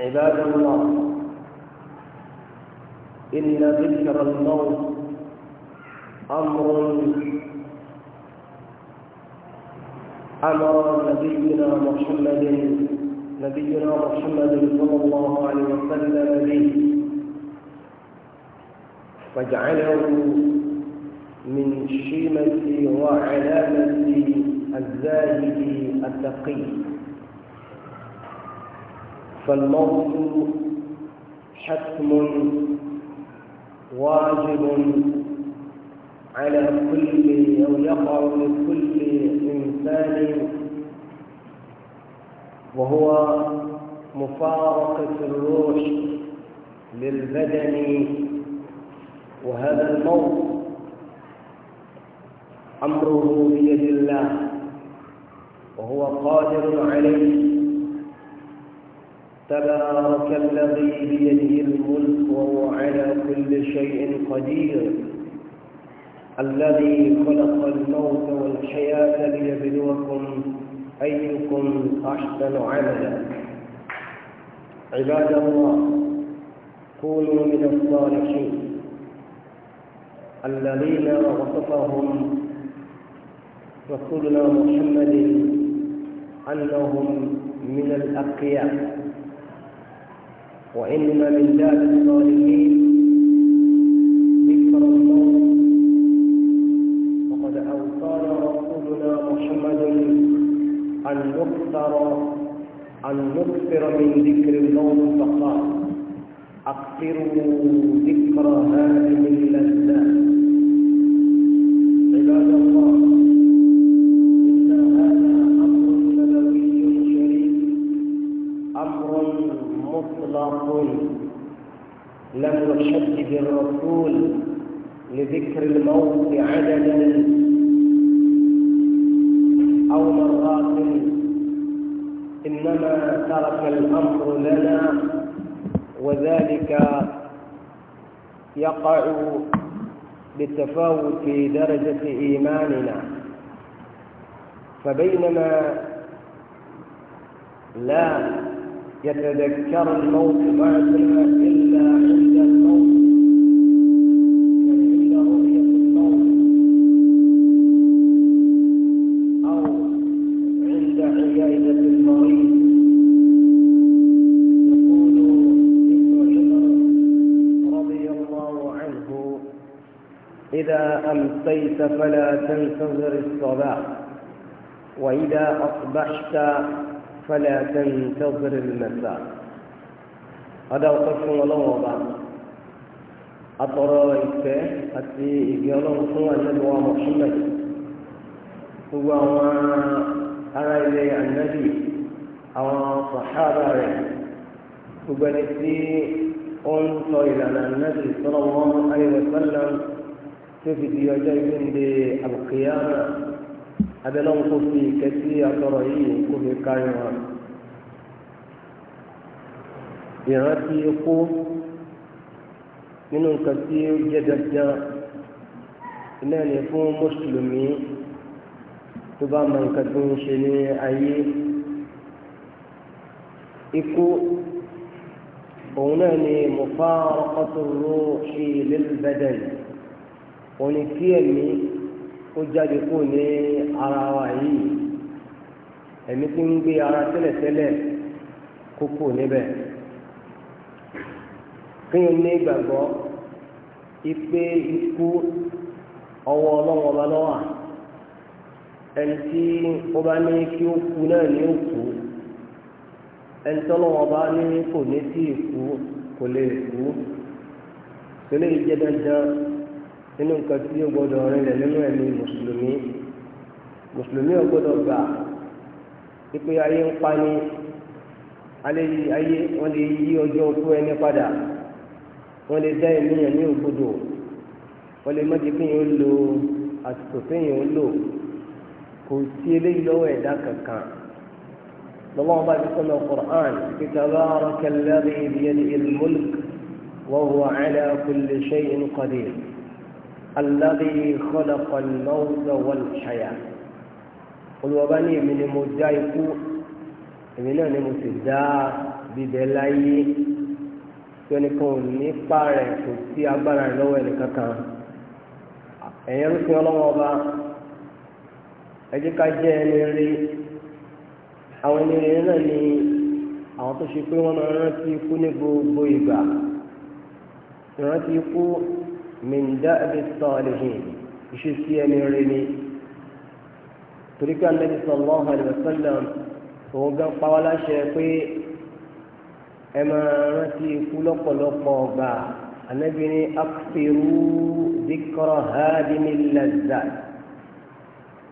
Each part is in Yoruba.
عباد الله إن ذكر الموت أمر أمر نبينا محمد نبينا محمد صلى الله عليه وسلم به واجعله من شيمة وعلامة الزاهد التقي فالموت حتم واجب على كل أو يقع لكل إنسان وهو مفارقة الروح للبدن وهذا الموت أمره بيد الله وهو قادر عليه تبارك الذي بيده الملك وهو على كل شيء قدير الذي خلق الموت والحياة ليبلوكم أيكم أحسن عملا عباد الله كونوا من الصالحين الذين وصفهم رسولنا محمد أنهم من الأقياء وإن من داب الظالمين ذكر الله وقد أوصانا رسولنا محمد أن نكثر أن نكثر من ذكر الله فقال أكثروا ذكر هذه اللذات الرسول لم يحدد الرسول لذكر الموت عددا أو مرات إنما ترك الأمر لنا وذلك يقع بتفاوت درجة إيماننا فبينما لا يتذكر الموت بعدها إلا عند الموت عند يعني رؤية الموت أو عند يقول ابن عمر رضي الله عنه إذا أمسيت فلا تنتظر الصباح وإذا أصبحت فلا تنتظر المساء هذا وقف الله وبعد أترى إكفاء أتي إبيالهم سوى النبوة محمد هو أنا إلي النبي أو صحابة gbogbo أنت إلى ó ń sọ ìlànà nẹ́ẹ̀sì sọ́nà wọn ayélujára tó fi di abẹ́lọ́run kò fi ìkẹ́sí àtọ̀rọ̀ yìí kò fi káyọ̀ hàn ìrántí ikú nínú nǹkan tí ó jẹ́ dandan iná ni fún mùsùlùmí tó bá mọ nǹkan tó ń ṣe ní ayé ikú òun náà ni mufaraqatu ruhi lil badan òun ni kí ẹ̀mí. ó jáde kó ní ara wa yìí ẹ̀mí tí ń gbé ara tẹ́lẹ̀tẹ́lẹ̀ kókó níbẹ̀ kéèyàn ní ìgbàgbọ́ ipe ikú ọwọ́ ọlọ́wọ́ ọba lọ́wọ́ ẹni tí ó bá ní kí ó kú náà ní òkú ẹni bá ní kò ní sí kò nínú nǹkan tí yóò gbọdọ̀ rinlẹ̀ nínú ẹ̀mí mùsùlùmí mùsùlùmí ò gbọdọ̀ gbà pípé ayé ń pani alẹ́ yìí ayé wọ́n lè yí ọjọ́ òkú ẹni padà wọ́n lè dá ẹ̀mí yẹn ní ògbódò wọ́n lè má jẹ́ kéèyàn ó lo àsìkò téèyàn ó lò kò sí eléyìí lọ́wọ́ ẹ̀dá kankan lọ́wọ́ bá ti sọ́nà Qur'an tabaraka alladhi biyadihi al-mulk wa huwa ala kulli الذي خلق الموت والحياة olùwàbání èmi ni mo dá ikú èmi náà ni mo sì dá bíbẹ láyé tí ẹnìkan ò nípa rẹ̀ kò sí agbára rẹ̀ lọ́wọ́ ẹnìkan kan ẹ̀yẹ ló fi ọlọ́wọ́ ọba ẹ jẹ́ ká jẹ́ ẹni rí àwọn ẹni rí náà ni àwọn tó ṣe pé wọ́n máa rántí ikú ní gbogbo ìgbà ìrántí ikú من دأب الصالحين يشتي نيرني تريك النبي صلى الله عليه وسلم هو قال قوالا شيخي أما رتي كلق لقوبا النبي أكثروا ذكر هادم اللذات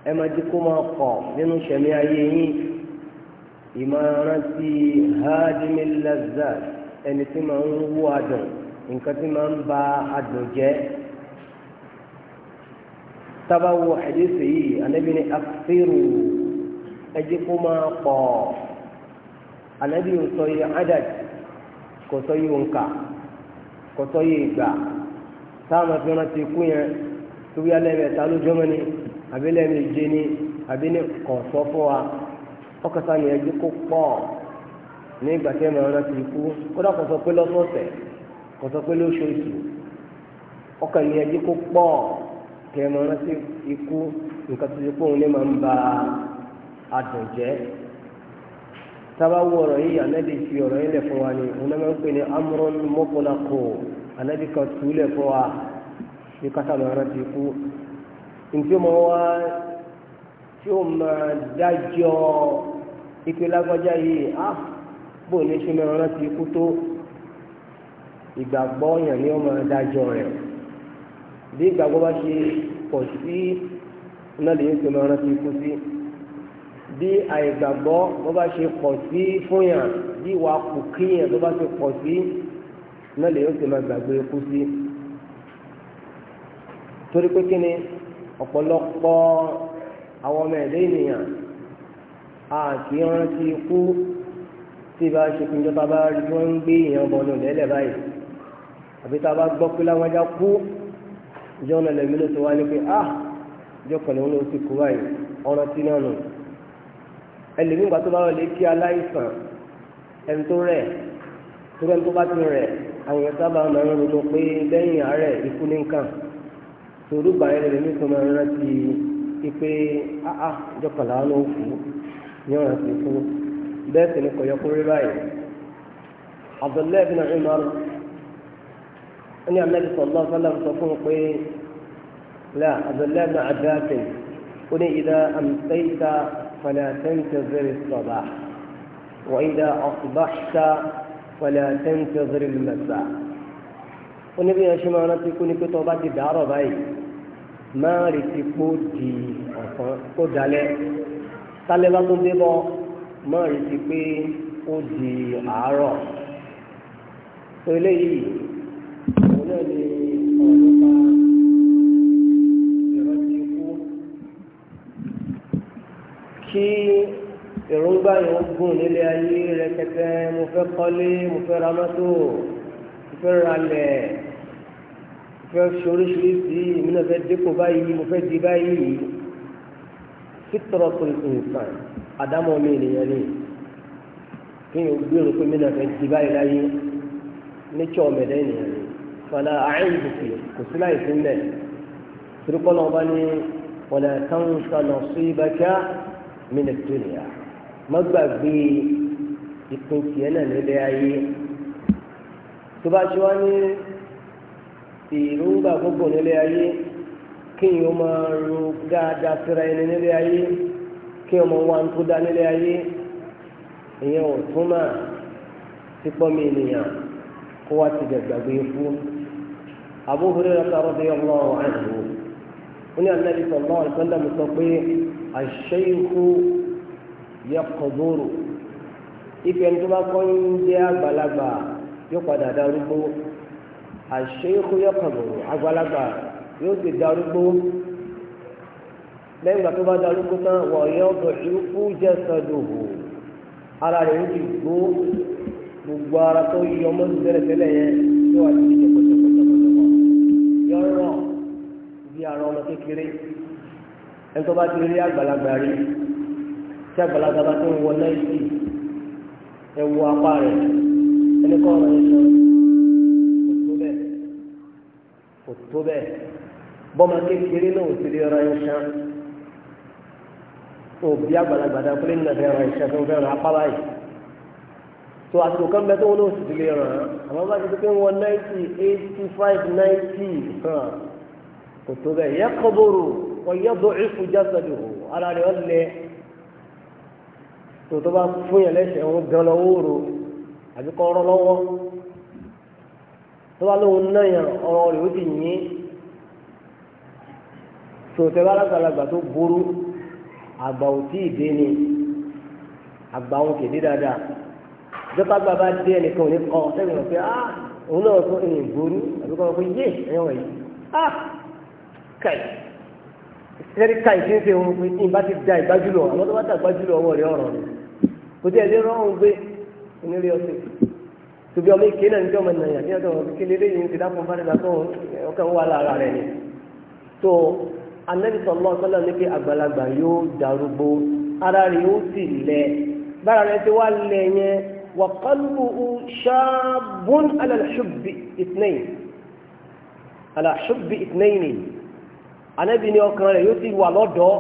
أما جكما قام لأنه شميعيه إما رتي هادم اللذات أن تمعوا وادم nǹkan tí máa ń ba adùn jẹ́ tábàwò àdéhùn yìí ànábì ní akérò ẹjẹ kó máa pọ̀ ànábì ò sọ yìí adad kò sọ yìí òǹkà kò sọ yìí ìgbà táwọn fi rántí kú yẹn àbí ni àbí ní kò sọ fún wa ọkọ̀ ni ní kó pọ̀ ní ìgbà tí máa rántí kò sọ pé lóṣooṣù ọkàn yẹn ẹjẹ kó pọ̀ kẹ́ ẹ máa rántí ikú nǹkan tó ṣe pé òun lè máa ń ba adùn jẹ́ sábà wo ọ̀rọ̀ yìí ànábì fi ọ̀rọ̀ yìí lẹ̀ fún wa ni òun náà máa ń pè ní amúrán mọ́kànlákò ànábì kan túlẹ̀ fún wa ní kátà máa rántí ikú ntí mo wá tí ó máa dájọ́ ìpè lágbájá yìí á bò ní ṣe rántí ikú tó ìgbàgbọ́ yẹn ni ó máa dájọ́ rẹ̀ bí ìgbàgbọ́ bá ṣe pọ̀ sí náà lè ṣe máa rántí ikú sí bí àìgbàgbọ́ bó bá ṣe pọ̀ sí fún yàn bí ìwà kù kíyàn tó bá ṣe pọ̀ sí náà lè ṣe máa gbàgbé ikú sí torí pé kí ni ọ̀pọ̀lọpọ̀ àwọn ọmọ ẹ̀dẹ́ ènìyàn a kì í rántí ikú tí bá ṣe kí njọba bá rí wọn ń gbé èèyàn bọ̀nù lẹ́lẹ̀ báyìí àbí tá a bá gbọ́ pé láwájá kú ìjọ náà lẹ́mí ló ti wá ní pé ah ìjọ kan lòun ló ti kú báyìí ọ̀rọ̀ tí náà nù ẹlẹ́mí ìgbà tó bá wọlé kí aláìsàn ẹni tó rẹ̀ tó rẹ̀ tó bá ti rẹ̀ àwọn èèyàn sábà máa ń ronú pé lẹ́yìn àárẹ̀ ikú ní nǹkan torúgbà yẹn lẹ́mí tó máa ń rántí ipe ah ah ìjọ kan làwọn ló kú ní ọ̀rọ̀ tí kú bẹ́ẹ̀ sì ni kọ̀yọ́kú bin Umar ẹni amẹ́lì sọ̀lọ́ sọ́lá sọ fún un pé là abdullahi ibn abbas ó ní ìdá amsayta fala tantazir as-sabah wa ìdá asbahta fala tantazir al-masa ó ní bí wọ́n ṣe máa rántí kú ní pé tó bá ti dàárọ̀ báyìí máa retí kó di ọ̀sán kó dalẹ̀ tálẹ́ bá tó dé bọ́ máa retí pé ó di àárọ̀ òun náà ni ọ̀rọ̀ nípa ìrántí ikú kí èròǹgbà yẹn ń gùn nílé ayé rẹpẹtẹ mo fẹ́ kọ́lé mo fẹ́ ra mọ́tò mo fẹ́ ralẹ̀ mo fẹ́ ṣoríṣiríṣi èmi náà fẹ́ dépò báyìí mo fẹ́ di báyìí fitrọtul insan àdámọ̀ mi nìyẹn ni kí n gbèrò pé mi náà fẹ́ di báyìí láyé nítsọ̀ mẹ́lẹ́ nìyẹn fàlà àárín ìbùkún kò sí láì sí ńlẹ̀ tìrúkọ́lọ́ ọba ní wọlé táǹkànà sí ibàjá mínísítírìà má gbàgbé ìpín tiẹ̀ náà nílé ayé tó bá ṣe wá ní ìrúgbà gbogbo nílé ayé kí n yóò máa ro dáadáa síra ẹni nílé ayé kí ọmọ wa ń tó dá nílé ayé ìyẹn ò túmọ̀ sípọ́ mi ènìyàn kó wá ti dẹ̀gbàgbé fún. أبو هريرة رضي الله عنه هنا النبي صلى الله عليه وسلم يقول الشيخ يقبر ife ẹni tó bá kọ́ ń jẹ́ àgbàlagbà yóò padà darúgbó àṣeyíkó yóò kàbọ̀ àgbàlagbà yóò sì darúgbó lẹ́yìn ìgbà tó bá darúgbó tán wọ̀nyẹ́ ọ̀bọ̀ ìrúkú jẹ́ sọ́dọ̀hù ara rẹ̀ ń ti gbó gbogbo ara tó yọ ọmọ tó tẹ́lẹ̀ tẹ́lẹ̀ yẹn yóò wá sí ìjọba yọ̀rọ̀ bí ara ọmọ kékeré ẹni tó bá ti rí àgbàlagbà rí tí àgbàlagbà bá ti ń wọ náìsì ẹ wo apá rẹ̀ ẹni kọ́ ọ̀rọ̀ yẹn sọ kò tó bẹ́ẹ̀ kò tó bẹ́ẹ̀ bọ́mọ kékeré náà ò ti rí ọ̀rọ̀ yẹn sọ òbí àgbàlagbà dá pé nínú ẹ̀fẹ̀ ọ̀rọ̀ yẹn sọ fún fẹ́ràn apá báyìí tó àsìkò tó wọn ó sì ti lè ràn án àwọn bá ti di pé wọn náìtì eighty five náìtì kò tó bẹ́ẹ̀ yẹ kọ́bọ̀rọ̀ wọ́n yẹ bọ̀ ẹ̀fù jásàdù ara rẹ̀ ọ̀ lẹ̀ tó tó bá fún yẹn lẹ́sẹ̀ wọn gan lọ wóoru àbí kọ́ ọ̀rọ̀ lọ́wọ́ tó bá lóun náà yẹn ọ̀rọ̀ rẹ̀ ó ti yín sòtẹ́ bá lágbàlagbà tó burú àgbà ò tí dé ni àgbà òun kèdè dáadáa ìjọba gba bá dé ẹnìkan òní kọ sẹ́yìn rẹ̀ pé ah òun náà tó ẹ̀yìn ìgbóni àbí kọ́ pé yé ẹ̀yàn wọ̀nyí ah kàì sẹ́rí kàì tí ń ṣe òun pé ìbá ti da ìgbájúlọ̀ àwọn tó bá ta ìgbájúlọ̀ ọwọ́ rẹ̀ ọ̀rọ̀ rẹ̀ kò tí ẹ̀ lé rọ́ọ̀hún gbé onílé ọ̀sẹ̀ tóbi ọmọ ìké náà níjọ́ ọmọ nàìjíríà ní ọjọ́ ọmọ kékeré yìí ń ti dákun bá nígbà tó ọkàn wà lára rẹ̀ ni tó anabi sọlọ sọlọ ní pé àgbàlagbà yóò darúgbó ara rẹ̀ yóò sì lẹ̀ bára rẹ̀ ti wá lẹ̀ yẹn وقلبه شاب على الحب اثنين على حب اثنين انا بني اوكان يوتي ولودو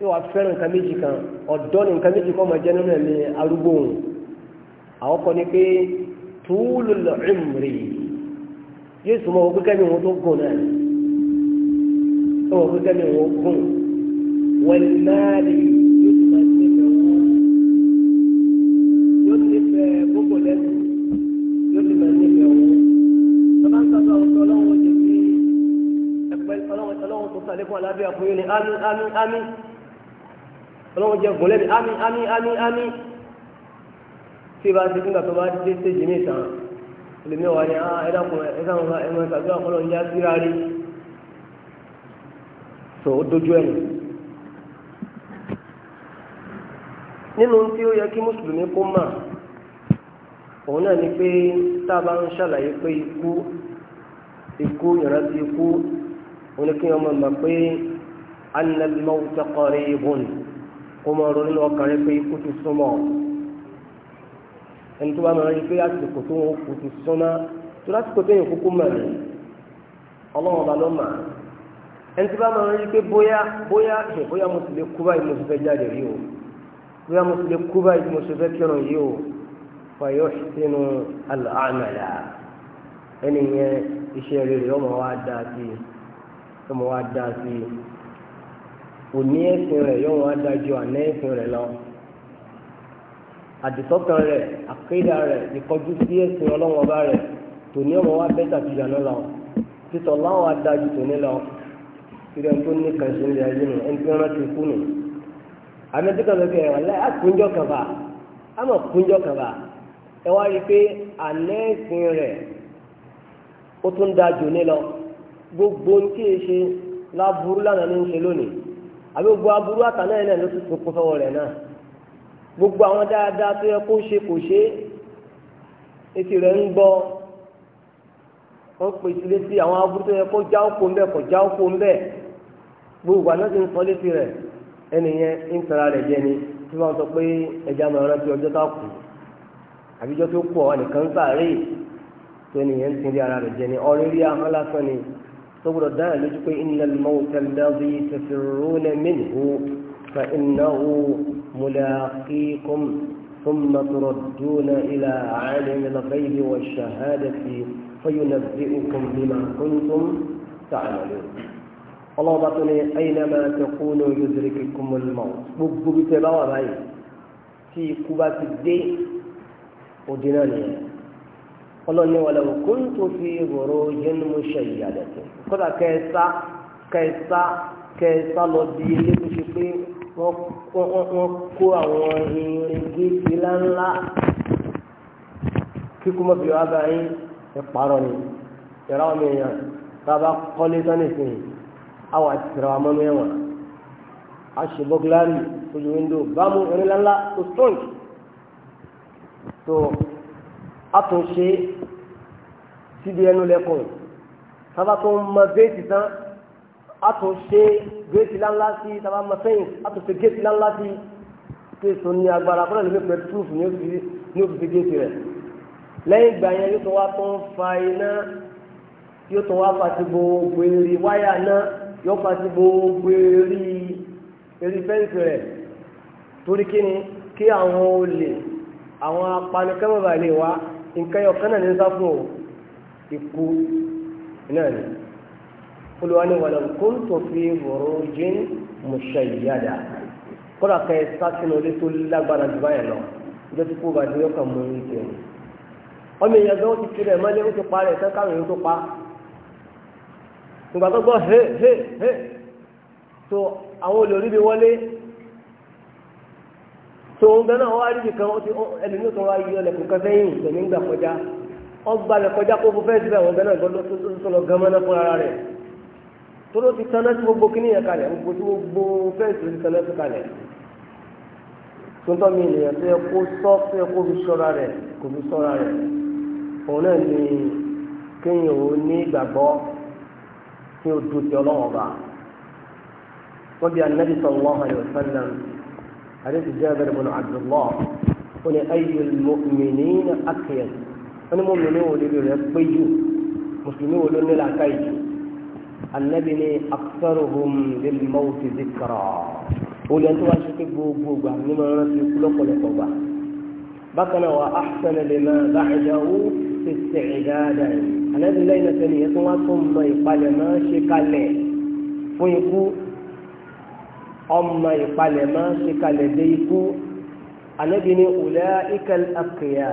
yóò wá fẹ́ràn nǹkan méjì kan ọ̀dọ́ ni nǹkan méjì kọ́ máa jẹ́ nínú ẹ̀mí arúgbó òun àwọn kan ní pé túùlù lọ́ọ̀rì yóò sùn mọ́ wọn pẹ́kẹ́ mi wọn tó gùn náà wọn pẹ́kẹ́ mi wọn gùn wọ́n náà lè ẹ̀kú yìí ni ámì ámì ámì ọlọ́run jẹ gùn lẹ́bi ámì ámì ámì ámì tí ìbá ti fúngbà tó bá dé stéèjì ní ìtàn olùmí ọ̀wá ni ẹ̀dá kan ẹ̀dá kan ẹ̀mọ ìtàgbé ọ̀pọ̀lọ̀ ń yá síra rí tó o dojú ẹ̀ nínú tí ó yẹ kí mùsùlùmí kó mà òun náà ni pé tá a bá ń ṣàlàyé pé ikú ikú ìrántí ikú òun ni kí wọ́n máa mọ̀ pé anna al-mawta qaribun kó mọ ronú ní ọkàn rẹ pé ikú ti súnmọ́ ẹni tó bá mọ rí pé àsìkò tó ń kú ti súnmọ́ tó lásìkò tó yẹn kúkú mọ̀ ní ọlọ́run ọba ló mà ẹni tó bá mọ rí pé bóyá bóyá ṣe bóyá mo sì lè kú báyìí mo sì fẹ́ jáde rí o bóyá mo sì lè kú báyìí mo sì fẹ́ kírun yìí o fàyọ̀ sínú àmàlà ẹni yẹn iṣẹ́ rere ọmọ wa dáa sí ọmọ wa dáa sí kò ní ẹ̀sìn rẹ̀ yóò wọ́n adájọ́ àná ẹ̀sìn rẹ̀ lọ. àdìsọ́kàn rẹ̀ àkéda rẹ̀ ìkọjú sí ẹ̀sìn ọlọ́wọ́n ọba rẹ̀ tò ní ọmọ wa bẹ́tà ti yànnà lọ. títọ̀ láwọn adájọ́ tò ní lọ. ìrẹ̀ tó ní kàn ṣe ń lè ayé nù ẹni tí wọ́n ti kú nù. àmì tí kan lókè ẹ̀wọ̀n lẹ́ àkúnjọ́ kan àmọ̀ kúnjọ́ kan ẹ wá rí i pé àná ẹ̀sìn rẹ̀ ó tún dájọ́ ní lọ gbogbo ní kí ẹ ṣe láburú lánàá ní ń àbí gbogbo aburú àtàná yẹn náà ló ti kó fọwọ́ rẹ̀ náà gbogbo àwọn dáadáa tó yẹ kó ṣe kò ṣe etí rẹ̀ ń gbọ́ wọ́n pè sí létí àwọn aburú tó yẹ kó já òkò ńbẹ kò já òkò ńbẹ gbogbo àná ti ń sọ létí rẹ̀ ẹnìyẹn ń tara rẹ̀ jẹ ni tí wọ́n sọ pé ẹja máa rántí ọjọ́ tó kù àbíjọ́ tó kù ọ̀ nìkan ń sáré tó ẹnìyẹn ń sin rí ara rẹ̀ jẹ ni ọ̀rẹ́ ahọ́n lásán ni. تورا ذلك إن الموت الذي تفرون منه فإنه ملاقيكم ثم تردون إلى عالم الغيب والشهادة فينبئكم بما كنتم تعملون الله بطني أينما تكون يدرككم الموت بب بتبوى في كبات الدين ودنانيه ọlọ́ni wọlé òkun tó fi ìhòòrò yẹn mú ṣe ìyàlẹ̀ tó kódà kẹsà kẹsà kẹsà lọ di ilé tó ṣe pé wọ́n kó àwọn irin géèjì ńláńlá kíkú mọ́ fi wá bá yín ìparọ́ ni ìrà ọmọ èèyàn tá kọ́lé tán nìsín àwọn àtìrà wa mọ́nú ẹ̀wọ̀n a ojú wíńdò bámu irin ńláńlá tó àtúnṣe síbi ẹnu lẹ́kùn sábà tó ń mọ géètì tán àtúnṣe géètì láńlá sí sábà mọ sẹ́yìn àtúnṣe géètì láńlá sí tó èso ní agbára kọ́lá ló fẹ́ pẹ̀lú túùfù ní òfìsí géètì rẹ̀ lẹ́yìn ìgbà yẹn yóò tó wá tó ń fa iná yóò tó wá fa ti gbogbo eré wáyà náà yóò fa ti gbogbo eré eré fẹ́ǹsì rẹ̀ torí kí ni kí àwọn olè àwọn apanikẹ́mọ̀bà lè wá nǹkan yọ kánà ní sá fún ọ ikú náà ni olùwà ni wàlẹ̀ kó ń tó fi wọ̀rọ̀ jẹ́ mọ̀ṣẹ́ ìyáda kọ́dà ká ẹ sá sínú ilé tó lágbára jù báyìí lọ ìjọ tí kò bá di ọkà mọ orí jẹ ọmọ èèyàn gan ti kiri mọ́lẹ́ ó ti pa rẹ̀ káwọn èèyàn tó pa ìgbà tó gbọ́ hé hé tó àwọn olórí bí wọlé tó ń gbẹ́nà wọ́n wá rí nìkan wọ́n kan wá yí ọlẹ́kùn kan sẹ́yìn tẹ̀mí ń gbà koja ọgbà lẹ̀ kọjá kó fún fẹ́ẹ́ síbẹ̀ wọ́n gbẹ́nà gbọ́dọ̀ sọ̀rọ̀ gánmọ́nà ara re tó ló ti gbogbo kíní yẹn gbogbo tí gbogbo fẹ́ẹ̀sì ti tuntun mi nìyẹn tó yẹ kó sọ tó yẹ kó fi sọ́ra rẹ̀ kó ni kéèyàn o ti حديث جابر بن عبد الله قل أي المؤمنين أكيد أنا مؤمنين ولي يبيجوا مسلمين ولي لا كيجوا النبي أكثرهم للموت ذكرى ولي أنتوا أشكي بوبوبا لما نسي كلكم لقوبا بطن وأحسن لما بعده استعدادا الذي ليلة ثم ثم يقال ما شكاله فيقول ọmọ ìpalẹ̀ máa ń ṣe kalẹ̀ dé ikú anabi ni ulẹ̀ ikẹl akéyà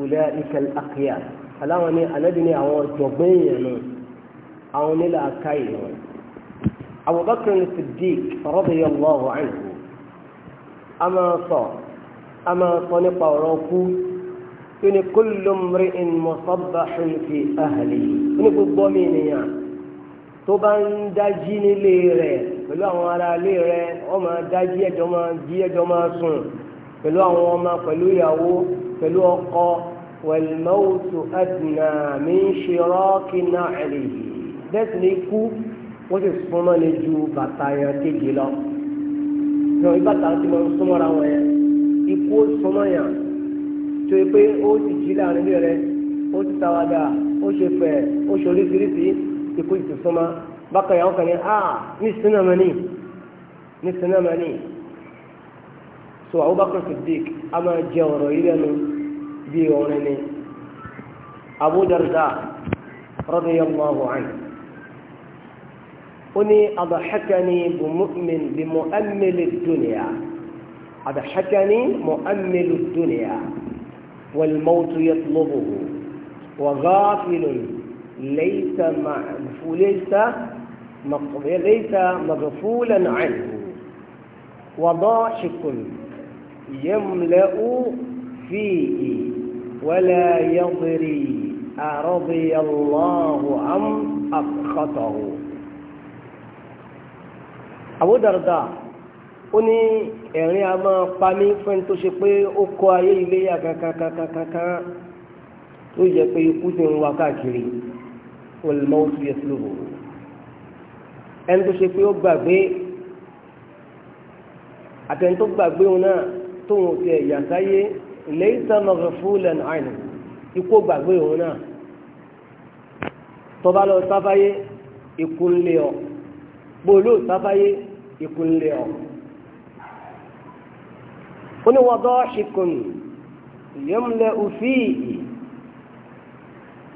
ulẹ̀ ikẹl akéyà aláwọn ni anabi ni àwọn ọ̀jọ̀gbọ́n èèyàn nù àwọn onílà aká èèyàn abubakar siddiq radiyallahu anhu a máa sọ a máa sọ nípa ọ̀rọ̀ kú kí ni kullu mri'in musabbahun fi ahlihi gbogbo mi nìyà tó bá ń dájí nílé rẹ̀ pẹ̀lú àwọn ará ilé rẹ wọ́n máa dájí ẹjọ́ máa jí ẹjọ́ máa sùn pẹ̀lú àwọn ọmọ pẹ̀lú ìyàwó pẹ̀lú ọkọ wẹ̀lmọ́wùtù ẹ̀dùnà mi ń ṣe rọ́ọ̀kì náà ẹ̀lì bẹ́ẹ̀ sì ni ikú wọ́n sì súnmọ́ ni ju bàtà yẹn kéje lọ. ìwọ̀n ìbàtà ti máa ń súnmọ́ra wọn yẹn ikú ó súnmọ́ yẹn tó yẹ pé ó ti jí láàrin ilé rẹ ó ti tàwádà ó ṣe fẹ̀ ó ṣe oríṣiríṣi ikú ìtìsúnmọ́. بقي يوم كان آه نستنا مني نستنا مني سوى بقى في الديك أما جاور إلى من بيونني أبو درداء رضي الله عنه أني أضحكني بمؤمن بمؤمل الدنيا أضحكني مؤمل الدنيا والموت يطلبه وغافل ليس مع ليس ليس مغفولا عنه وضاحك يملأ فيه ولا يضري أرضي الله أم أسخطه Abu Darda ó ní ẹ̀rín a máa pa mí fún tó ṣe pé ó kọ ayé ilé yà kankankankankan tó yẹ pé ikú ti ń wá káàkiri wọlmọ́tò yẹtulùbù ẹni tó ṣe pé ó gbàgbé àtẹni tó gbàgbé òun náà tóun ti ẹ̀yà sáyé lẹ́yìn sọ́nà rẹ̀ fúlẹ̀ náà ikú gbàgbé òun náà tọba lọ sáfáyé ikú ń lé ọ gbòòlò sáfáyé ikú ń lé ọ. ó ní wọ́n dọ́ ṣìkùn yẹ́mlẹ̀ òfìyì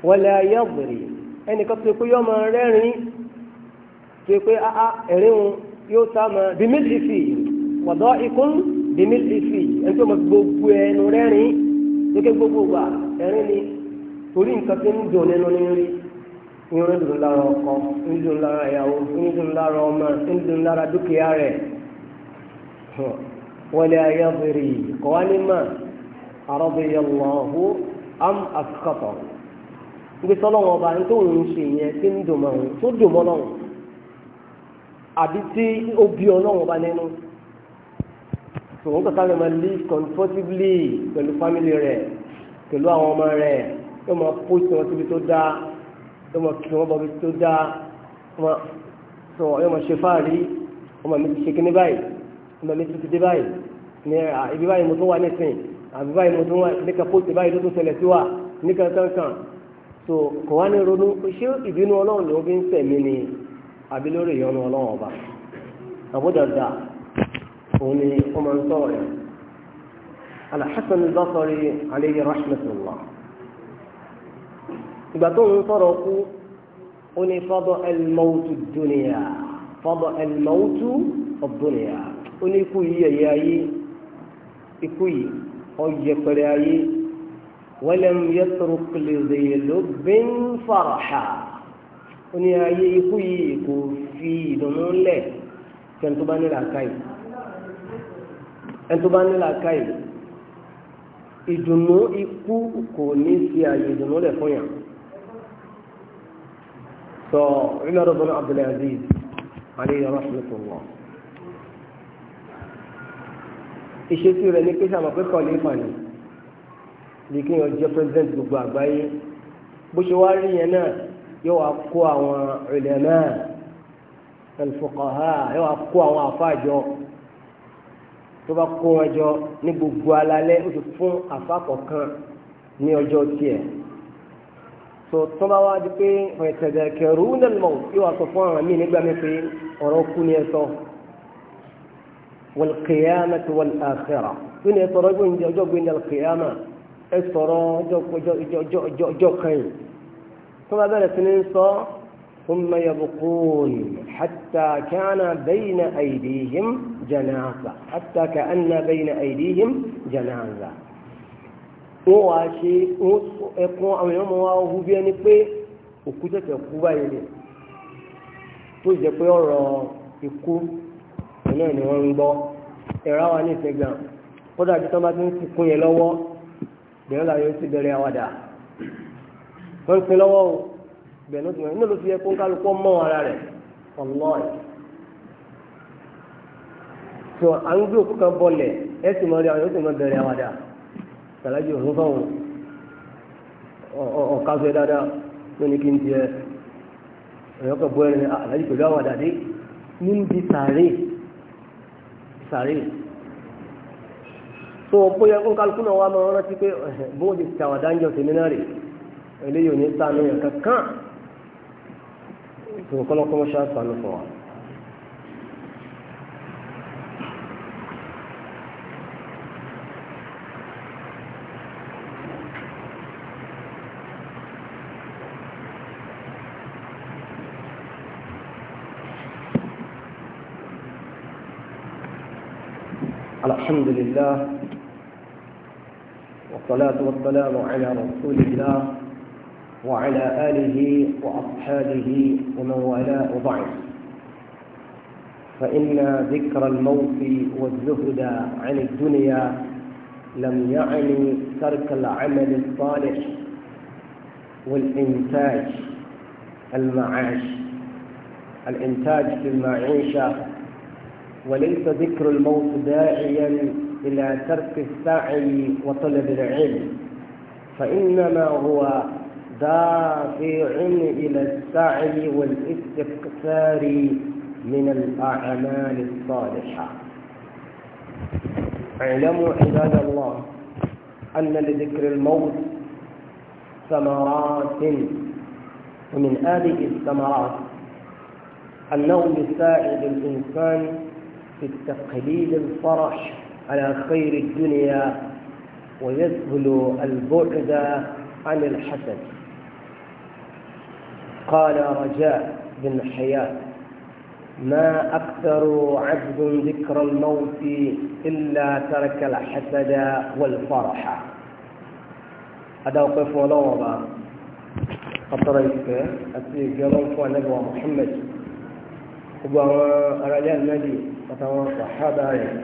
wọlé ayé ọ̀gbìnrin ẹnìkan tó pé yọ́ máa rẹ́rìn tó pé áá ah, ah, ẹ̀rín òun yóò sá máa bímí ìfì wọ̀dọ́ ikún bímí ìfì ẹni tó máa gbogbo ẹnu rẹ́rìn gẹ́gẹ́ gbogbo gbà ẹ̀rín ni torí nǹkan tó ń dùn nínú ní rí ń dùn lára ọkọ ń dùn lára ìyàwó ń dùn lára ọmọ ń dùn lára dúkìá rẹ̀ wọlé ayé bèrè kọ́wá ní mà àrọ́bìyàn wọ̀ọ́hún am àkàtọ̀ gbé sọ́lọ́wọ́n ọba ní tó ń ṣe yẹn tí ń dùn mọ́ òun tó dùn mọ́ lọ́wọ́ àbí tí ó bí ọlọ́wọ́n ọba nínú ṣùgbọ́n kàkà rẹ̀ máa live comfortably pẹ̀lú family rẹ̀ pẹ̀lú àwọn ọmọ rẹ̀ yóò máa post wọn síbi tó dáa yóò máa kí wọn bọ̀ bí tó dáa yóò máa ṣe fáàrí ọmọ mi ti ṣe kíní báyìí ọmọ mi ti ti dé báyìí ní ibi báyìí mo tún wà nísìnyí àbí báyìí mo tún wà níka post báyìí ló tún ṣẹlẹ̀ sí wa níka kankan so kò wá ní ronú ṣé ìbínú ọlọ́run ni ó fi ń tẹ̀mí ni àbí lórí ìyọnu ọlọ́run ọba àbúdàdà òun ni ó máa ń sọ̀rọ̀ yẹn Al-Hasan al-Basri alayhi rahmatullah ìgbà tó ń sọ̀rọ̀ kú ó ní fọ́dọ̀ ẹlmọ́tù dúnìyà fọ́dọ̀ ẹlmọ́tù ọ̀dúnìyà ó ní ikú yìí ẹ̀yẹ ayé ikú yìí ọ̀yẹ̀pẹ̀rẹ̀ ayé wọ́lẹ̀m yẹ́tọ̀rọ̀ pèlèdè lóbìn faraha ó ní ayé ikú yìí kò fi ìdùnnú lẹ̀ kí ẹni tó bá nílà káyì ẹni tó bá nílà káyì ìdùnnú ikú kò ní fi àyè ìdùnnú lẹ̀ fún yàn sọ Umar ibn Abdul Aziz alayhi rahmatullah ìṣesí rẹ̀ ní pé sàmọ̀ pé kọ́lé ìfàní bí kí wọ́n jẹ́ president gbogbo àgbáyé bó ṣe wá rí yẹn náà yóò wá kó àwọn ulama al-fuqaha yóò wá kó àwọn àfáàjọ tó bá kó wọn jọ ní gbogbo alalẹ́ ó ti fún àfa kọ̀ọ̀kan ní ọjọ́ tiẹ̀ tó tó bá wá di pé ọ̀ẹ̀tẹ̀dẹ̀ kẹrù nílùmọ̀ yóò wá sọ fún àwọn míì nígbà mi ọ̀rọ̀ kú ni ẹ sọ wal qiyamati wal akhirah tó ní ẹ sọ ọjọ́ ọjọ́ gbé ní al ẹ sọ̀rọ̀ ọjọ́ kan yìí tó bá bẹ̀rẹ̀ sí ní sọ ثم يبقون حتى كان بين أيديهم جنازة حتى كأن بين أيديهم جنازة wọ́n wá ṣe ẹkún àwọn èèyàn máa wá hu bí ẹni pé òkú kú báyìí ni tó jẹ́ pé ọ̀rọ̀ ikú náà ni wọ́n ń gbọ́ ẹ̀rọ àwọn ní ìsẹ̀gbà kódà bí bá ti ń sìnkú yẹn lọ́wọ́ bẹ̀rẹ̀ la yóò ti bẹ̀rẹ̀ àwàdà wọ́n pin lọ́wọ́ o bẹ̀rẹ̀ ló ti mọ̀ inú ló fi yẹ kó kálukú mọ́ ara rẹ̀ ọlọ́ọ̀ tó à ń gbé òkú kan bọ̀lẹ̀ ẹ sì mọ̀ rí àwọn yóò sì mọ̀ bẹ̀rẹ̀ àwàdà sàlájú òun fáwọn ọ̀kasọ̀ dáadáa lónìí kí n tiẹ̀ ẹ̀yọ́ kan bọ́ ẹ̀rẹ̀ alájú ah, pẹ̀lú àwàdà dé níbi so bóyá kó kálukú náà wà máa rántí pé bóun ti ṣàwádà ń jọ tèmi náà rè eléyìí ò ní sànú yẹn kankan tó kọ́lọ́kọ́ mọ́ sànú fún wa. الحمد لله والصلاة والسلام على رسول الله وعلى آله وأصحابه ومن والاه وبعد فإن ذكر الموت والزهد عن الدنيا لم يعني ترك العمل الصالح والإنتاج المعاش الإنتاج في المعيشة وليس ذكر الموت داعيا إلى ترك السعي وطلب العلم فإنما هو دافع إلى السعي والاستكثار من الأعمال الصالحة اعلموا عباد الله أن لذكر الموت ثمرات ومن هذه الثمرات أنه يساعد الإنسان في تقليل الفرح على خير الدنيا ويسهل البعد عن الحسد قال رجاء بن حياة ما أكثر عبد ذكر الموت إلا ترك الحسد والفرح هذا وقف ونوضع أطريك أتيك يوم فوى محمد وقال رجاء النبي وتوقع هذا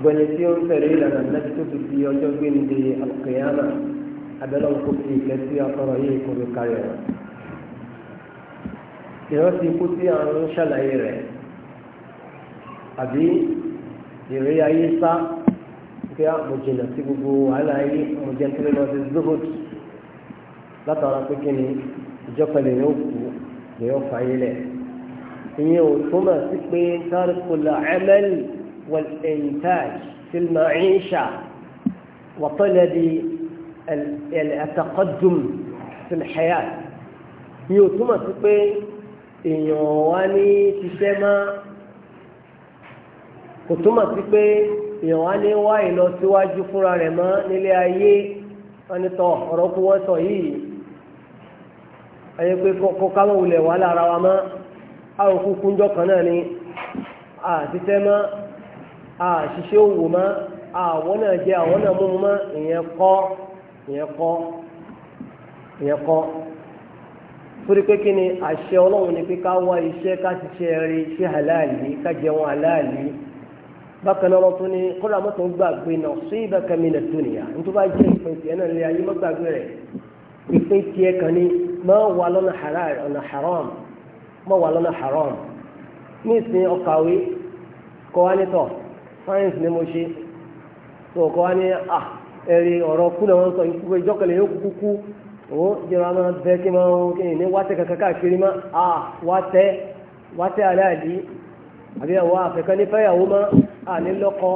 gbẹni tí ó ń tẹ̀lé ìlànà náà tó ti di ọjọ́ gbẹ̀ǹde alùkìyàmà abẹ́lẹ́ òkú fi ìfẹ́ sí ọ̀rọ̀ yìí kò lè kárí ọ̀rọ̀. ìrántí ikú tí a ń ṣàlàyé rẹ̀ àbí ìrírí ayé sá pé mo jìnà sí gbogbo wàhálà ayé mo jẹ́ nítorí lọ zohot látara pé kí ni ìjọpẹ̀lẹ̀ ní òkú ni fà yé lẹ̀. ìyẹn ò túmọ̀ sí pé tárìkùlà ẹ̀mẹ́lì. والإنتاج في المعيشة وطلب التقدم في الحياة yóò túmọ̀ sí pé èèyàn wá ní ṣiṣẹ́ má kò túmọ̀ sí pé èèyàn wá ní wá ìlọsíwájú fúnra rẹ̀ mọ́ nílé ayé wọn ni tọ ọ̀rọ̀ kú wọ́n sọ yìí ayé pé kó káwọn wulẹ̀ wà lára wa mọ́ àwọn kúkú ń jọ kan náà ni àṣìṣẹ́ mọ́ àṣìṣe òwò mọ́ àwọn náà jẹ àwọn náà mú mọ́ ìyẹn kọ́ ìyẹn kọ́ ìyẹn kọ́ torí pé kí ni àṣẹ ọlọ́run ni pé ká wá iṣẹ́ ká ti ṣe rí ṣe àláàlì ká jẹun àláàlì bákan náà wọ́n tún ní kọ́lá mọ́tò gbàgbé náà sí ìbákan mi náà dúnìyà nítorí bá jẹ́ ìpín tiẹ̀ náà lé ayé má rẹ̀ ìpín tiẹ̀ kan ní máa wà lọ́nà haram máa wà lọ́nà haram ní ìsìn ọkàwé kọ́ wá nítọ̀ science ni mo ṣe tó ọkọ wa ní à ẹ̀rí ọ̀rọ̀ kú náà wọ́n sọ ikú pé ìjọkẹ̀lẹ̀ yóò kúkú kú ó jẹrọ àmọ́ bẹ́ẹ̀ kí máa ń kí ní wátẹ́ kankan káàkiri má à wátẹ́ wátẹ́ alẹ́ àdí àbí àwọn àfẹ́kẹ́ ní fẹ́yàwó má à ní lọ́kọ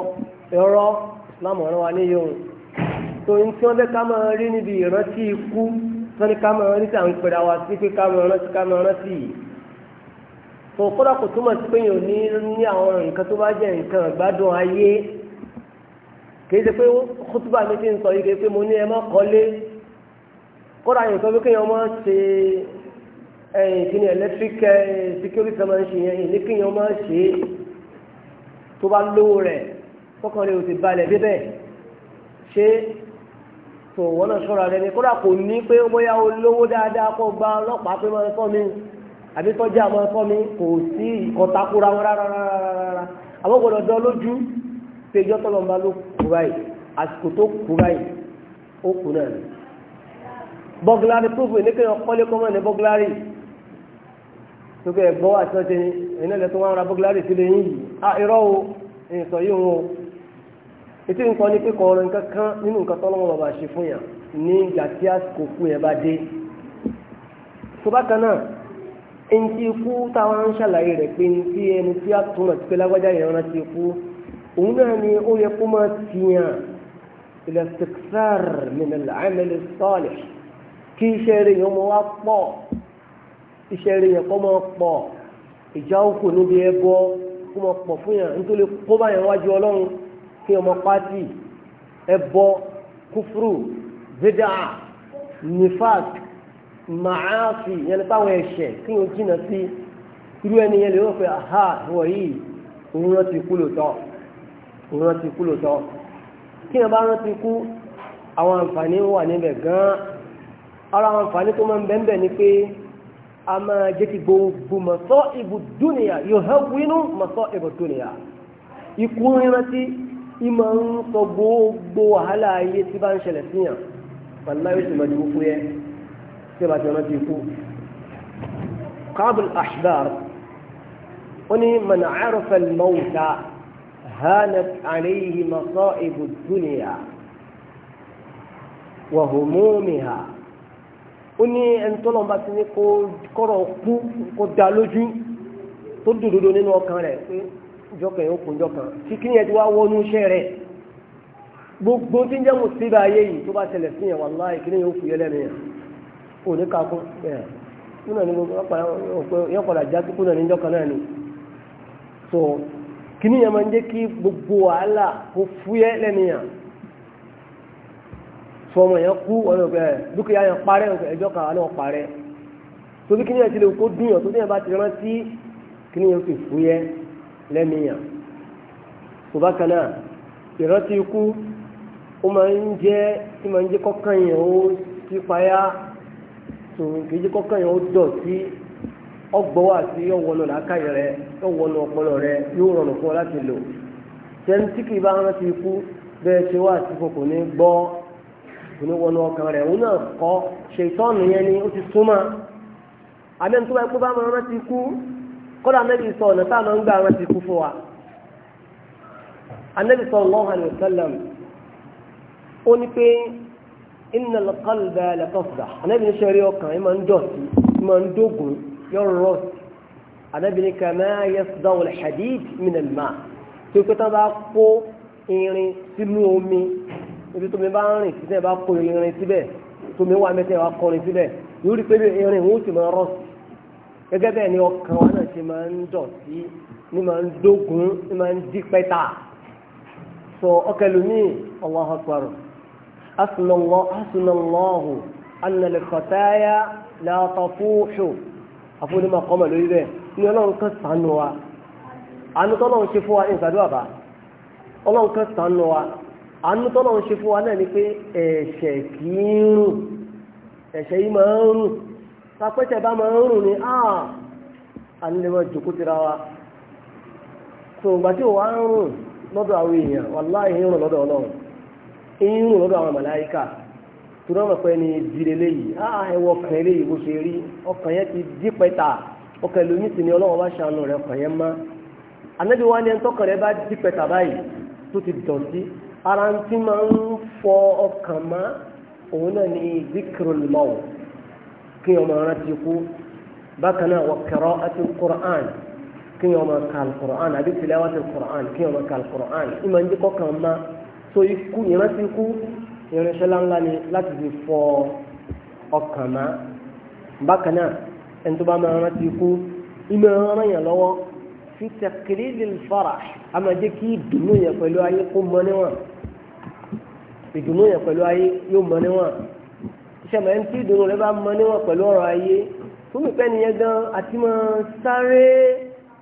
ẹ̀rọ islam ọ̀rọ̀ wa níyì òun tó ń tí wọ́n fẹ́ ká máa rí níbi ìrántí ikú tó ká máa rí tà ń pèrè àwa sí pé ká máa rántí ká máa rántí yìí tó kódà kò túmọ̀ sí pé yóò ní ní àwọn nǹkan tó bá jẹ́ nǹkan ìgbádùn ayé kì í ṣe pé kútùbà mi ti ń sọ yìí pé mo ní ẹ kọ́lé kódà yóò sọ pé kéèyàn má ṣe ẹyìn kí electric security máa ń ṣe yẹn ìní kéèyàn má ṣe tó bá lówó rẹ̀ kọ́kàn rẹ̀ ò ti balẹ̀ débẹ̀ ṣé tó wọ́n náà ṣọ́ra rẹ̀ ni kódà kò ní pé bóyá olówó dáadáa kó gba ọlọ́pàá pé máa ń fọ́ mi àbí tọ́jú àwọn ẹ̀kọ́ mi kò sí ìkọtakura wọn rárá rárá àwọn gbọdọ̀ dán lójú pé ìjọ tọ́lọ̀ ń bá ló kú báyìí àsìkò tó kú báyìí ó kú náà ni. bọ́gláàrí púpù ní kéèyàn kọ́lé kọ́mọ́ ní bọ́gláàrí tó kẹ́ ẹ̀gbọ́ àti ọ̀tẹ́ ni ẹ̀yìn náà lẹ́tọ́ wọn ra bọ́gláàrí sílẹ̀ yín yìí à ah, irọ́ o ẹ̀yìn yìí wọn o. etí nǹkan ni kíkọ ọ̀rọ̀ nǹkan kan nínú nǹkan tọ́lọ́wọ́n bàbá ṣe fún yàn ní ìgbà tí àsìkò kú yẹn bá dé. tó bákan náà ntí ikú táwọn ń ṣàlàyé rẹ̀ pé ntí ẹni tí a tún àti pé lágbájá yẹn rán ti ikú òun náà ni ó yẹ kó máa tiyàn ilẹ̀ sikisar minal amẹ́lẹ̀ sọ́ọ̀lì kí iṣẹ́ rẹ̀ yẹn mọ wá pọ̀ iṣẹ́ rẹ̀ yẹn kọ́ máa pọ̀ ìjà òkú níbi ẹbọ kó máa pọ̀ fún yàn nítorí kó bá yẹn wájú ọlọ́run kí ọmọ pátì ẹbọ kúfúrú bídà nífàkì màáfi yẹn nípa àwọn ẹ̀ṣẹ̀ kí wọ́n jìnnà sí irú ẹni yẹn lè wọ́n fẹ́ aha wọ̀ yìí òun rántí kú lòótọ́ òun rántí kú lòótọ́ kí wọ́n bá rántí kú àwọn àǹfààní wà níbẹ̀ gan-an ara àwọn àǹfààní tó máa ń bẹ́ẹ̀ ni pé a máa jẹ́ kí gbogbo mọ̀sọ́ ìbò dúnìyà yóò hẹ́ wínú mọ̀sọ́ ìbò ikú rántí ìmọ̀ ń sọ gbogbo wàhálà ayé tí bá ń ṣẹlẹ̀ síyàn pàlá yóò sì máa dìbò fún yẹn tí a bá ti rántí ikú kábùl àṣdár ó ní mọ̀nà àrùfẹ́ mọ́wùtá هانت عليه مصائب الدنيا وهمومها ó ní ẹni tó lọ́nba ti ní kó kọ́rọ̀ kú kó da lójú tó dùdùdù nínú ọkàn rẹ̀ pé jọkàn yóò kún jọkàn tí kí ni ẹ ti wá wọnú iṣẹ́ rẹ̀ gbogbo tí ń jẹ́ mùsíbà ayé yìí tó bá ṣẹlẹ̀ sí yẹn wàláhì kí ni yóò fúyẹ́ lẹ́nu yẹn òní kakún ẹ̀ kúnà ní gbogbo yọ́pọ̀lá jásí kúnà ní jọ́kan náà ni so kìíní yẹn máa ń jẹ́ kí gbogbo wàhálà kó fúyẹ́ lẹ́nìyàn so ọmọ yẹn kú ọ̀nà ọ̀gbẹ́ dúkìá yẹn parẹ́ ẹjọ́ kan náà parẹ́ so bí kìíní yẹn ti lè kó dùnyàn tó dẹ́yìn bá ti rántí kìíní yẹn fi so bákan náà ìrántí ikú ó máa ń jẹ́ kí máa ń kọ́kàn yẹn ó ti payá. tó kì í ṣe kọ́kọ́ yẹn ó dọ̀tí ọgbọ́n wà sí ọwọ́nù làákàyè rẹ ọwọ́nù ọpọlọ rẹ yóò rọrùn fún ọ láti lò tẹ́ni tí kì í bá rántí ikú bẹ́ẹ̀ ṣe wà sí fún kò ní gbọ́ kò ní wọnú ọkàn rẹ̀ òun náà kọ́ ṣe ìtọ́nù yẹn ni ó ti súnmọ́ nítorí ikú bá rántí ikú kọ́dà sọ ọ̀nà táwọn ń gbà rántí ikú fún wa ó inna al-qalba la tasdah anábì ní sẹ́rí ọkàn ẹ̀ máa ń dọ̀tí ẹ̀ máa ń dógùn yọ̀rọ̀ rọ̀t anábì ní kama yasdahu al-hadid min al-ma tó pé tán bá kó irin sínú omi ibi tómi bá ń rìn síbẹ̀ bá kó irin síbẹ̀ tómi wà mẹ́tẹ́ wà kọrin síbẹ̀ yóò rí pé irin òun sì máa rọ̀t gẹ́gẹ́ bẹ́ẹ̀ ni ọkàn wa náà ṣe máa ń dọ̀tí ní máa ń dógùn ní máa ń dí pẹ́tà sọ ọkẹlùmíì Allahu akbar حسن الله حسن الله أن الخطايا لا تفوح أقول ما قام لي به ni ọlọ́run kan sànù wa àánú tọ́lọ́run ṣe fún wa ní ìsàdúrà bá ọlọ́run kan sànù wa àánú tọ́lọ́run ṣe fún wa náà ni pé ẹ̀ṣẹ̀ kì í rùn ẹ̀ṣẹ̀ yìí máa ń rùn sapẹ́tẹ̀ bá máa ń rùn ni áà àánú lè máa jòkó tira wa tó ìgbà tí ò wá ń rùn lọ́dọ̀ àwọn èèyàn wàláì ń rùn lọ́dọ̀ ọlọ́run ń rìn lọ́dọ̀ àwọn màláíkà tó náà mọ̀ pé ní ìdílé léyìí áà ẹwọ ọkàn eléyìí bó ṣe rí ọkàn yẹn ti dí pẹ́ta ọkàn lómi sì ni ọlọ́wọ́ bá ṣàánú rẹ ọkàn yẹn má anábì wa ni ẹni tọkàn rẹ bá dí pẹ́ta báyìí tó ti dọ̀tí ara ń tí máa ń fọ ọkàn má òun náà ni zikrul maut kí ọmọ rántí kú bákan náà wa qira'atul Qur'an kí ọmọ kàl Qur'an àbí tilawatul Qur'an kí ọmọ kàl Qur'an ìmọ̀ ń dí kọ́kàn má so ikú ìrántí ikú irinṣẹ́ ńláńlá ni láti fi fọ ọkàn má bákan náà ẹni tó bá máa rántí ikú ìmọ̀ ẹran yẹn lọ́wọ́ fi taqlidil farah a máa jẹ́ kí ìdùnnú yẹn pẹ̀lú ayé kó mọ níwọ̀n ìdùnnú yẹn pẹ̀lú ayé yóò mọ níwọ̀n ìṣẹ̀mọ̀ ẹni tí ìdùnnú rẹ bá mọ níwọ̀n pẹ̀lú ọ̀rọ̀ ayé fúnmi pẹ́ nìyẹn gan àti máa sáré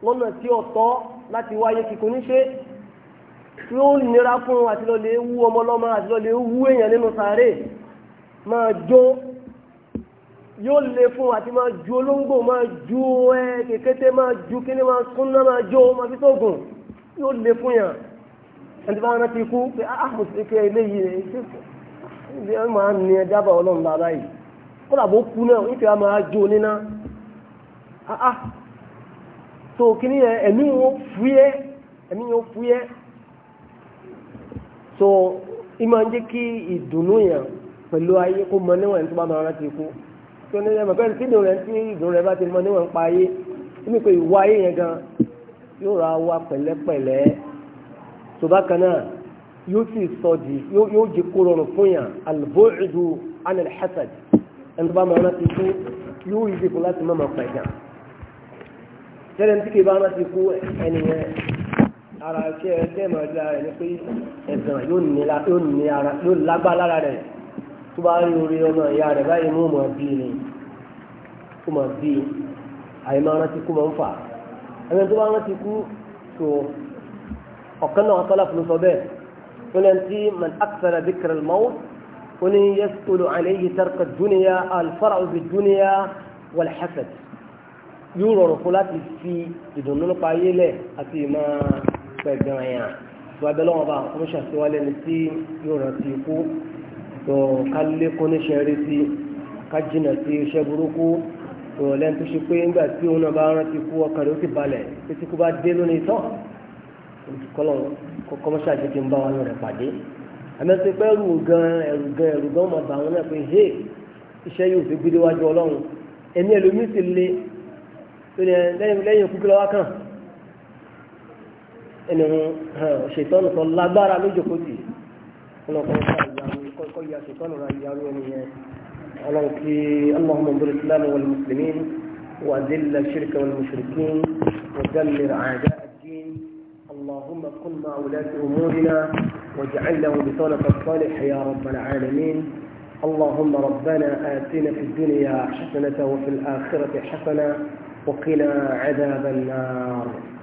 lọ́nà tí ọ̀tọ̀ láti wáyé kíkún níṣẹ́ tí ó nira fún àti lọ lè wú ọmọ lọ́mọ àti lọ lè wú èèyàn nínú sàárè máa jó yóò lè fún àti máa ju olóńgbò máa ju ẹ kékété máa ju kíní máa súnná máa jó máa fi sóògùn yóò lè fún yàn ẹni tí bá rántí ikú pé áá kò sí kẹ eléyìí rẹ ṣé ẹ máa ní ẹ dábàá ọlọ́run bàbá yìí kó làbó kú náà ń fi máa jó níná tó ah, ah, kíní yẹn ẹ̀mí wọn fúyẹ́ ẹ̀mí wọn fúyẹ́ so ìmọ̀ ń jẹ́ kí ìdùnnú yẹn pẹ̀lú ayé kó mọ níwọ̀n ẹni tó bá máa rántí ikú tó ní ẹ̀mọ̀ pẹ́ẹ́lí tí ìdùnnú rẹ̀ tí ìdùnnú rẹ̀ bá ti mọ níwọ̀n pa ayé níbi pé ìwà ayé yẹn gan yóò ra wa pẹ̀lẹ́pẹ̀lẹ́ tó bá kan náà yóò sì sọ di yóò jẹ kó rọrùn fún yàn albu'du anil hasad ẹni tó bá máa rántí ikú yóò yí ara tí ẹ dẹ́mọ̀ ẹ̀ lára rẹ̀ ni pé ẹ̀sán yóò ní ara yóò lágbá lára rẹ̀ tó bá rí orí ọmọ ìyá rẹ̀ báyìí mú mọ̀ bí ni kó mọ̀ bí àyèmọ̀ rántí kó mọ̀ ń fà ẹ̀mẹ́ tó bá rántí kú tó ọ̀kan náà sọ́lá fún sọ bẹ́ẹ̀ ó lẹ́n tí man akthara dhikra al-mawt ó ní yasulu alayhi tarka ad-dunya al-far'u bid-dunya wal-hasad yóò rọrùn fún láti fi ìdùnnú nípa ayé lẹ̀ àti ìmọ̀ pẹ́ gan-an yà tó abẹ́lẹ́ wọn bá wọn ṣàṣewálẹ̀ ní tí yóò rántí ikú tó ká lékún níṣẹ́ rí sí ká jìnà sí iṣẹ́ burúkú tó lẹ́nu tó ṣe pé nígbà tí òun náà bá rántí ikú ọkàn rẹ̀ ó ti balẹ̀ títí kó bá dé lónìí tán kọ́lọ̀ kọ́mọ́ṣà ti ti ń bá wọn rẹ̀ pàdé àmẹ́sẹ̀ pé ẹrù gan ẹrù gan ẹrù gan ọmọ bàwọn náà pé hey iṣẹ́ yóò fi gbé déwájú ọlọ́run ẹ̀mí ẹlòmíì sì le lẹ́yìn kúkú lọ́wọ́ kàn انه ها شيطان صلى بارا لي جوتي انا قلت يا كل كل يا شيطان لا يا روني اللهم انصر الاسلام والمسلمين واذل الشرك والمشركين ودمر اعداء الدين اللهم كن مع ولاة امورنا واجعل لهم بطانة الصالح يا رب العالمين اللهم ربنا آتنا في الدنيا حسنة وفي الآخرة حسنة وقنا عذاب النار